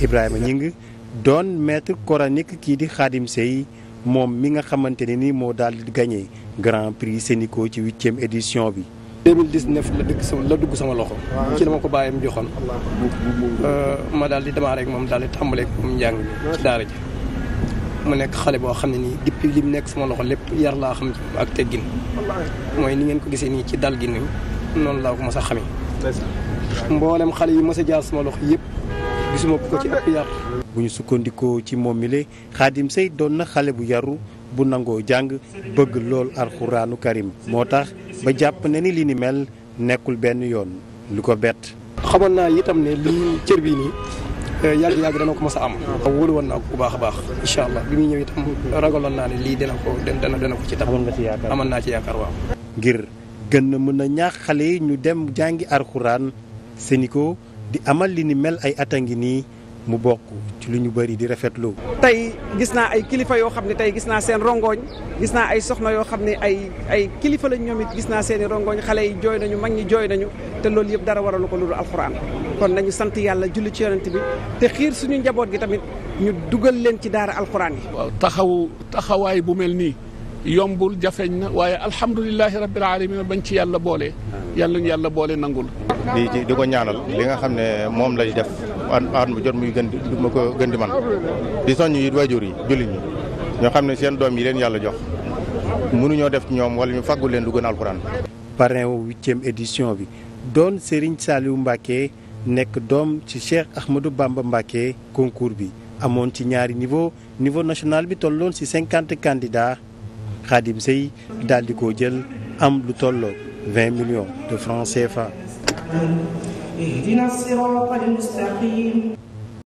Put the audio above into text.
Ibrahima Gningue doon maître coranique kii di Khadim Seye moom mi nga xamante ne ni moo daal di gagné grand prix Sénico ci huitième édition bi. 2019 la dëgg sama la dugg sama loxo. ci la ma ko bàyyam joxoon. Euh, ma daal di démarrer ak moom daal di tàmbale ak moom njàng mi ci daara ji. mu nekk xale boo xam ne nii depuis li mu nekk sama loxo lépp yar laa xam ci ak teggin mooy ni ngeen ko gisee nii ci dal gi nii noonu laa ko mos a xamee. mboolem xale yi mos jaar sama loxo yëpp. gisuma ko ci ak yar bu ñu sukkandikoo ci moom mi le Xaadim Sey doon na xale bu yaru bu nangoo jàng bëgg lool alxuraanu karim moo tax ba jàpp na ni li ni mel nekkul benn yoon lu ko bett. xamoon naa itam ne lii cër bii nii eh, yàgg yàgg dana ko mos a am. wóolu woon naa ko bu baax a baax incha allah bi muy ñëw itam ragaloon naa ne lii dina ko dana dana ko ci tax. amoon nga ci yaakaar amoon naa ci yaakaar ngir gën a mën a ñaax xale yi ñu dem jàngi alxuraan seniko di amal li ni mel ay at a ngi nii mu bokk ci lu ñu bëri di rafetlu. tey gis naa ay kilifa yoo xam ne tey gis naa seen rongoñ gis naa ay soxna yoo xam ne ay ay kilifa lañ ñoom it gis naa seen i rongoñ xale yi jooy nañu mag ñi jooy nañu te loolu yëpp dara waralu ko loolu alxuraan kon nañu sant yàlla julli ci yonent bi te xiir suñu njaboot gi tamit ñu dugal leen ci daara alxuraan yi. waaw taxawu taxawaay bu mel nii yombul jafeñ na waaye alhamdulilahi rabbil bañ ci yàlla boole. yàlla yàlla boole nangul. di di ko ñaanal li nga xam ne moom lay def at mu jot muy gën di ma ko gën man di soññ yi waajur yi jullit ñi ñoo xam ne seen doom yi leen yàlla jox mënuñoo def ci ñoom wala ñu fàggul leen lu gën alxuraan. parrain wu huitième édition bi doon Serigne Saliou Mbacké nekk doom ci Cheikh Ahmadou Bamba Mbacké concours bi amoon ci ñaari niveau niveau national bi tolloon ci cinquante candidats Khadim Sey daal di ko jël am lu tolloo vingt millions de francs CFA. اهدنا الصراط المستقيم